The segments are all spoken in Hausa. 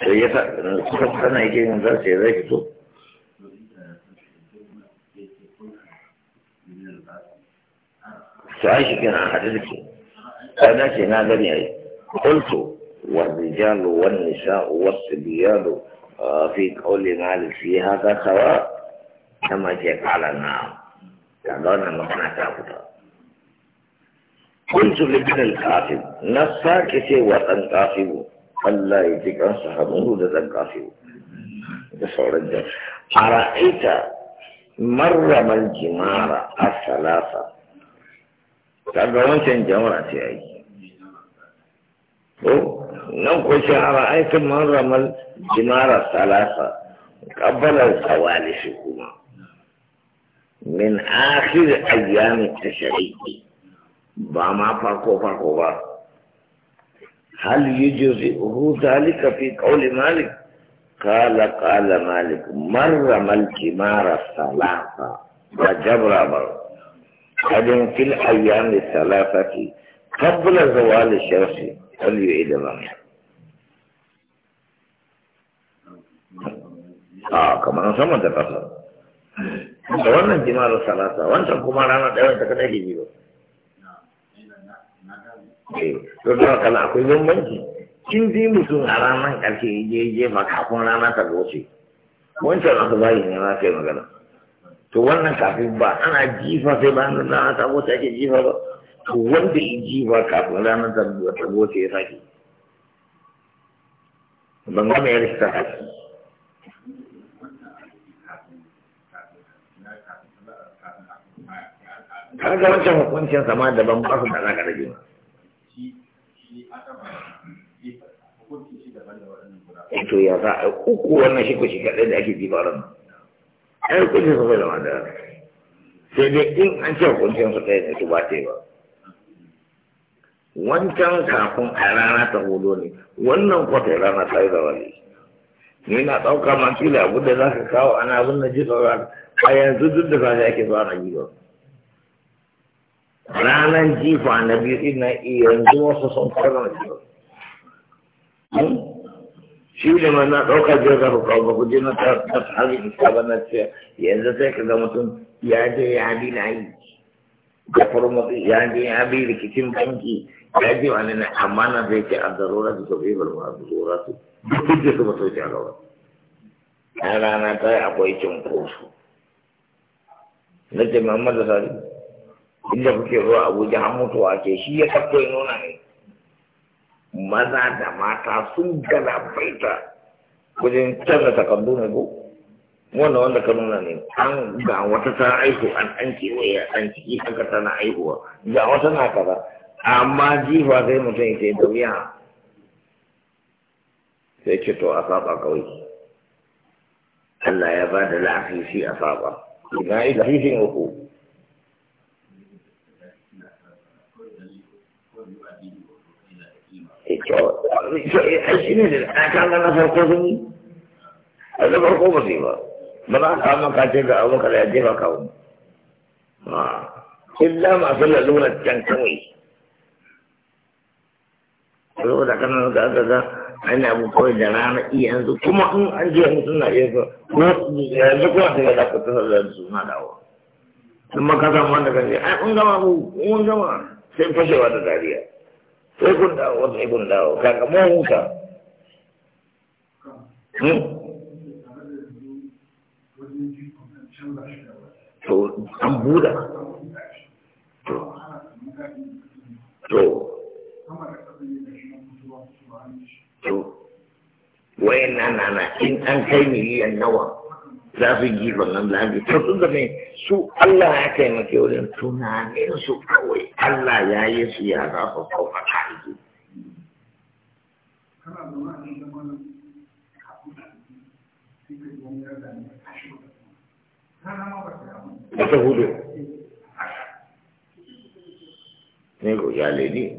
قلت والرجال والنساء والصبيان في كل مال في هذا سواء كما جاء على النار كذلك ما كان قلت لابن الكاتب نفسك سوى أن قاسمه Allah ya ji kansa hannu da zan kafi da sauran jan. A ra'aita marraman jimara a salasa. Kaga wancan jamara ce a yi. Ko, nan ko shi a ra'aita marraman jimara salasa. Kabbalar tsawali shi kuma. Min akhir ayyami tashari'i. Ba ma farko farko ba. هل يجزئه ذلك في قول مالك قال قال مالك مر الجمار الثلاثة وجبر قد في الأيام الثلاثة قبل زوال الشمس فليعيد الرمي آه كما نسمى تفصل wannan الجمار الثلاثة wancan kuma rana ɗaya ta Eh, to da kana akwai bambanci in dai mutum a ranar ƙarshe ya jefa kafin rana ta goce wancan aka bayi ne ma kai magana to wannan kafin ba ana jifa sai bayan rana ta goce ake jifa ba to wanda ya kafin rana ta goce ya sake ban ga mai rikta kaga wancan hukuncin sama daban ba su da alaƙa da juna to ya za a uku wannan shi kushi kaɗai da ake dibaran ai kushi su da wanda sai dai in an ce hukuncin su ɗaya ne su ba ta yi ba wancan kafin a rana ta hudu ne wannan kwata rana ta yi zawali ni na ɗauka masu kila abu da za ka kawo ana abin da ji tsoron a yanzu duk da sashi ake zuwa na yi ba ranar jifa na biyu ina eh, yanzu wasu sun karnar jifa hmm? shi ne ma na ɗaukar jin zafi kawo ba ku je na tsari iska ba na ce yanzu sai ka ga mutum ya je ya bi na yi ya farmatu ya je ya bi rikicin banki ya je wani na amma na zai ce an zarura su sau ibar ma su zora su duk da su ba sau a gaba a rana ta akwai cunkoso na ce mamman da sari inda kuke zuwa abuja an mutuwa ke shi ya kafto ya nuna ne maza da mata sun galabaita wajen canza takardu ne ko wannan wanda ka nuna ne an ga wata ta aihu an an kewaye an ciki haka tana aihuwa ga wata na kaza amma jifa sai mutum ya ce da wuya sai ce to a saba kawai Allah ya ba da lafifi a saba ina yi lafifin uku shi ne da ɗakan na a da farko ba su ba ba za a kama ga da jefa illa can ga da rana iya yanzu kuma in an je mutum na iya ko yanzu kuma ta ga da ta sallar su dawo sun makasa wanda kan je ai kun gama mu gama sai fashewa da dariya sai kun dawo sai kun dawo Kaka mun huta hmm? to an buda to to to wayan nan na in an kai miliyan nawa shafin gifan nan lafi ta sun zama su Allah ya taimake wurin tunanin su kawai Allah ya yi su ya za su kauma ka'idi. Wata hudu. Ne ko ya leni.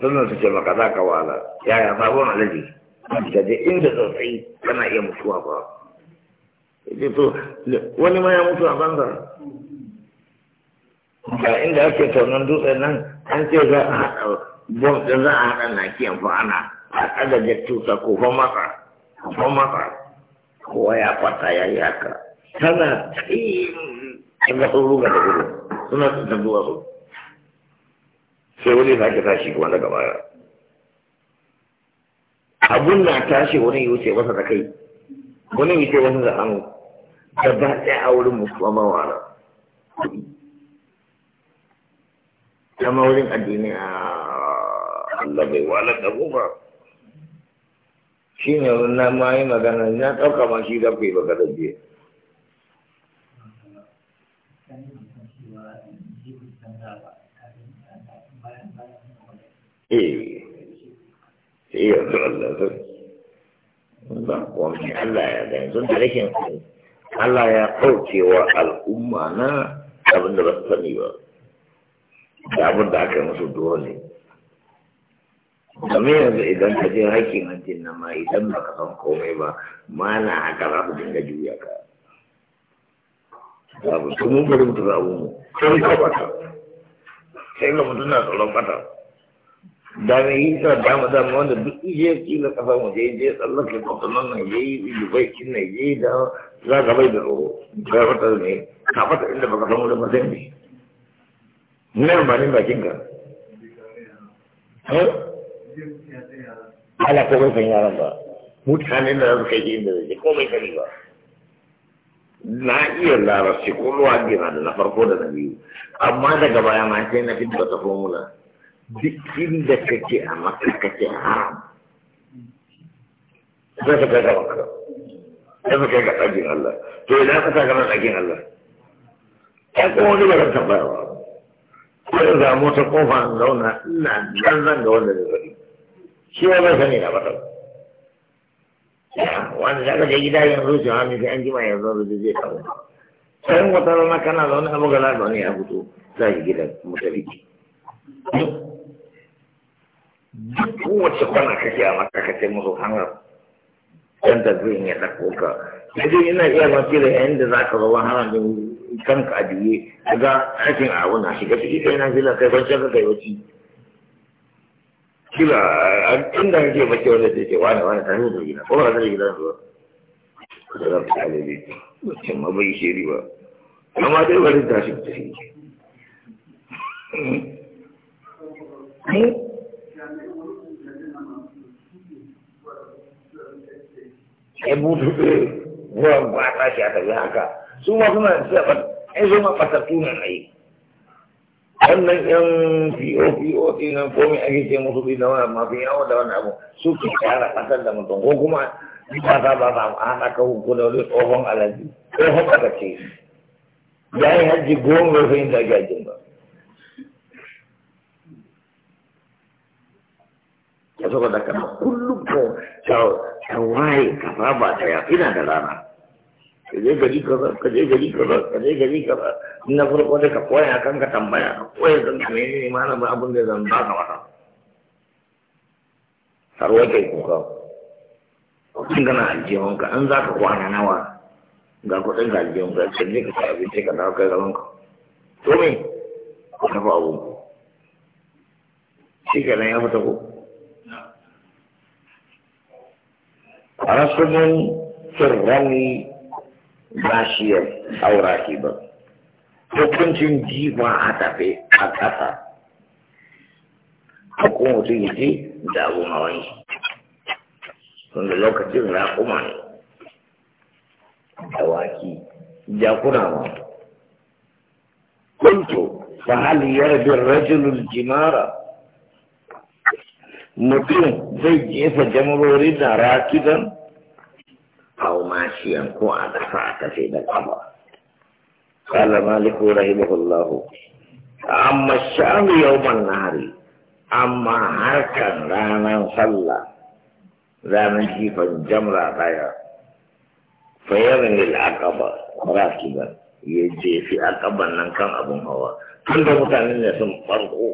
Sannan su ce maka za ka wala. Yaya sabon alaji. Ka je inda tsotsai kana iya mutuwa ba. to wani ma ya mutu a banza ga inda ake taunan dutsen nan an ce za a haɗa bom ɗin za a haɗa na kiyan fa ana a ɗaga tuta ko fa masa fa kowa ya kwata ya yaka. tana tsayin daga sun ruga da gudu suna tsantar duwatsu sai wani za ake tashi kuma daga baya abun na tashi wani ya wuce masa da kai wani ya wuce wasu da hannu gaba ɗaya a wurin musulman wara kama wurin addini a Allah bai wala da ba shi ne na ma yi magana na ɗauka ma shi za ku yi magana biyu Eh, iya, eh, Allah, Allah ya da yanzu da Allah ya kaucewa al'umma na abin da ba su sani ba da abin da aka musu dole game yanzu idan ka je haƙƙin hajjin na ma idan ba ka san komai ba ma na haka za ku dinga juya ka abu sun mun bari mutu da a mu sai ka bata sai ga na tsoron bata da mai yi ta mu dama wanda duk ije kila kafa mu je je tsallake kwakwalan nan ya yi dubai kin nan ya yi da za ka bai da tsoro ga wata ne ka fata inda baka san wurin matsayin ne nan ba ne bakin ka ala ko bai san yaran ba mutane da za su kai inda zai ko bai sani ba na iya larabci ko ruwa gina da na farko da na biyu amma daga baya ma sai na fi da wata formula duk inda kake a maka kake haram za ka kai ga maka za ka kai ga ɗakin Allah to ina ka sa gana ɗakin Allah ta kuma wani ba zan tambaya ba ko da zamu ta kofa in zauna ina nan zan ga wanda zai faɗi shi wa bai sani na ba ta wanda za ka je gida yanzu shi hannu sai an jima yanzu da zai kawo sai wata rana kana zaune abu ga lafiya ne ya fito za ki gida mu duk kowace kwana kake a maka kace musu hangar dan da zai ya dako ka idan ina iya mafi da yayin da zaka zo wani haran din kanka a biye kaga aikin a wani a shiga ciki kai na fila kai ban shaka kai wuci kila inda kake bace wanda take wani wani tare da gida ko ba zai gida ba da za ta alele wacce ma bai shiri ba amma dai bari tashi tafi ne eh? ai butu eh, ruwan ba ta shi aka yi haka su ma suna da siya ai zo ma batattu ne na yi ƴan yan POPO ɗinan komai ake ce musu ɗin wani masu yawo da wani abu su ke kara ƙasar da mutum ko kuma ba ta ba ta haɗa ka hukun da wani tsohon alaji tsohon aka ce ya yi hajji goma bai fahimta gajin ba ya saka da kana kullum ko ta waye ka ba ta ya ina da rana ka je gari ka ba, ka je gari ka ba, ka je gari ka ba. Ina farko da ka koya kan ka tambaya ka koya zan ka ne ma na abin da zan ka maka har wace kuka kun gana aljihun ka an za ka kwana nawa ga kuɗin ka aljihun ka ka je ka ci abinci ka dawo kai zaman ka to me ka fa abu shi kenan ya fita ko عاصم shi الرمي ماشيا أو راكبا hukuncin jiwa a tafe a ƙasa hukun mutum ya ce da abu hawan shi wanda lokacin kuma ne dawaki jakuna ma kuntu fa hal yarbi rajulul jimara mutum zai jefa jamarorin da rakidan mashiyan ko a ƙasa a tafi da ƙafa قال مالك رحمه الله أما الشام يوم النهر أما هركا رانا صلى رانا جيفا جمرة رايا فيرمي العقبة راكبا يجي في عقبة نكان أبو هوا كل متعلم يسمى فرقه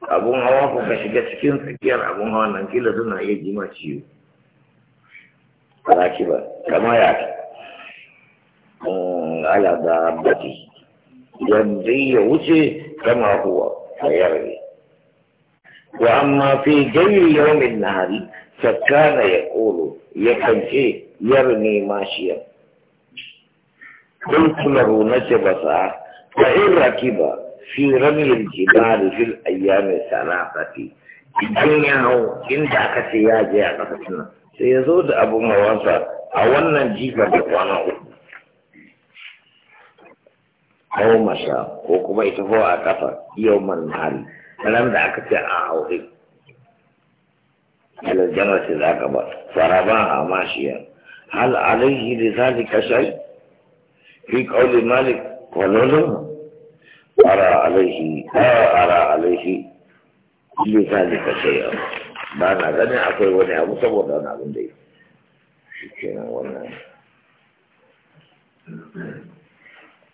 abun hawa ko ka shiga cikin tsakiyar abun hawa nan kila suna iya jima ciwo راكبة كما يأتي على دابته يمضي وجه كما هو فيرمي وأما في جي يوم النهار فكان يقول يكنشي يرمي ماشيا قلت له نجب ساعة فإن ركب في رمي الجبال في الأيام الثلاثة الدنيا يهو إن دعك سياجي على فتنه sai ya zo da abun hawansa a wannan jifa da kwana uku hau masha ko kuma ita ko a kafa yau man hari ran da aka ce a aure aljama ce za ka ba faraba a mashiya hal alaihi da zalika shai fi kauli malik kwallon ara alaihi ara alaihi لذلك شيئا ba na ganin akwai wani abu saboda wani abin da yi shi kenan wannan